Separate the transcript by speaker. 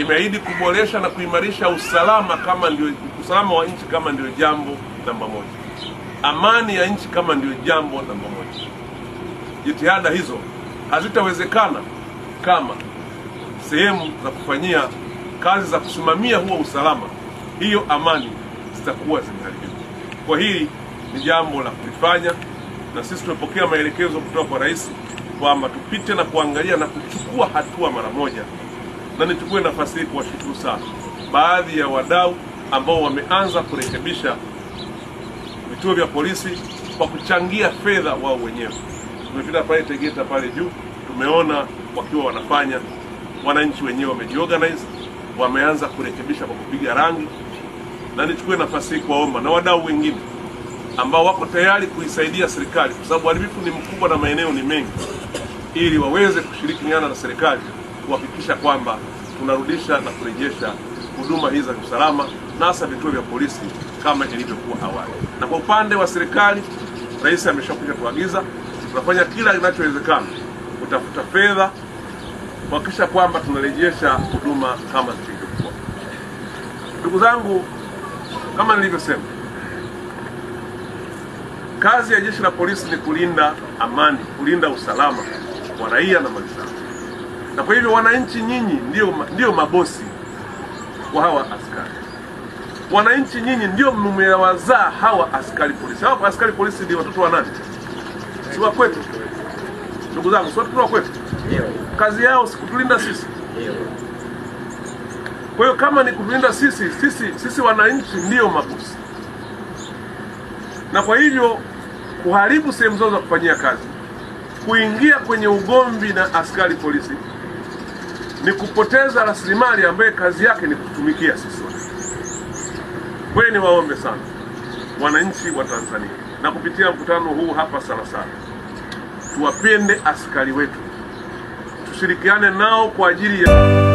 Speaker 1: imeahidi kuboresha na kuimarisha usalama kama ndio usalama wa nchi kama ndio jambo namba moja, amani ya nchi kama ndio jambo namba moja. Jitihada hizo hazitawezekana kama sehemu za kufanyia kazi za kusimamia huo usalama, hiyo amani zitakuwa zimeharibiwa. Kwa hili ni jambo la kulifanya, na sisi tumepokea maelekezo kutoka kwa rais kwamba tupite na kuangalia na kuchukua hatua mara moja na nichukue nafasi hii kuwashukuru sana baadhi ya wadau ambao wameanza kurekebisha vituo vya polisi kwa kuchangia fedha wao wenyewe. Tumefika pale Tegeta pale juu, tumeona wakiwa wanafanya, wananchi wenyewe wamejiorganize, wameanza kurekebisha kwa kupiga rangi, na nichukue nafasi hii kuwaomba na wadau wengine ambao wako tayari kuisaidia serikali, kwa sababu uharibifu ni mkubwa na maeneo ni mengi, ili waweze kushirikiana na serikali kuhakikisha kwamba tunarudisha na kurejesha huduma hizi za usalama na hasa vituo vya polisi kama ilivyokuwa awali. Na kwa upande wa serikali, rais ameshakuja kuagiza, tunafanya kila kinachowezekana kutafuta fedha kuhakikisha kwamba tunarejesha huduma kama zilivyokuwa. Ndugu zangu, kama nilivyosema, kazi ya jeshi la polisi ni kulinda amani, kulinda usalama wa raia na mali zao na kwa hivyo wananchi nyinyi ndio, ndio mabosi wa hawa askari. Wananchi nyinyi ndio mmewazaa hawa askari polisi. Hawa askari polisi ni watoto wa nani? Si wa kwetu ndugu zangu, si watoto wa kwetu? Kazi yao si kutulinda sisi? Kwa hiyo kama ni kutulinda sisi, sisi, sisi wananchi ndiyo mabosi, na kwa hivyo kuharibu sehemu zao za kufanyia kazi, kuingia kwenye ugomvi na askari polisi ni kupoteza rasilimali ambaye kazi yake ni kutumikia sisi wote. ni waombe sana wananchi wa Tanzania na kupitia mkutano huu hapa Salasala, tuwapende askari wetu, tushirikiane nao kwa ajili ya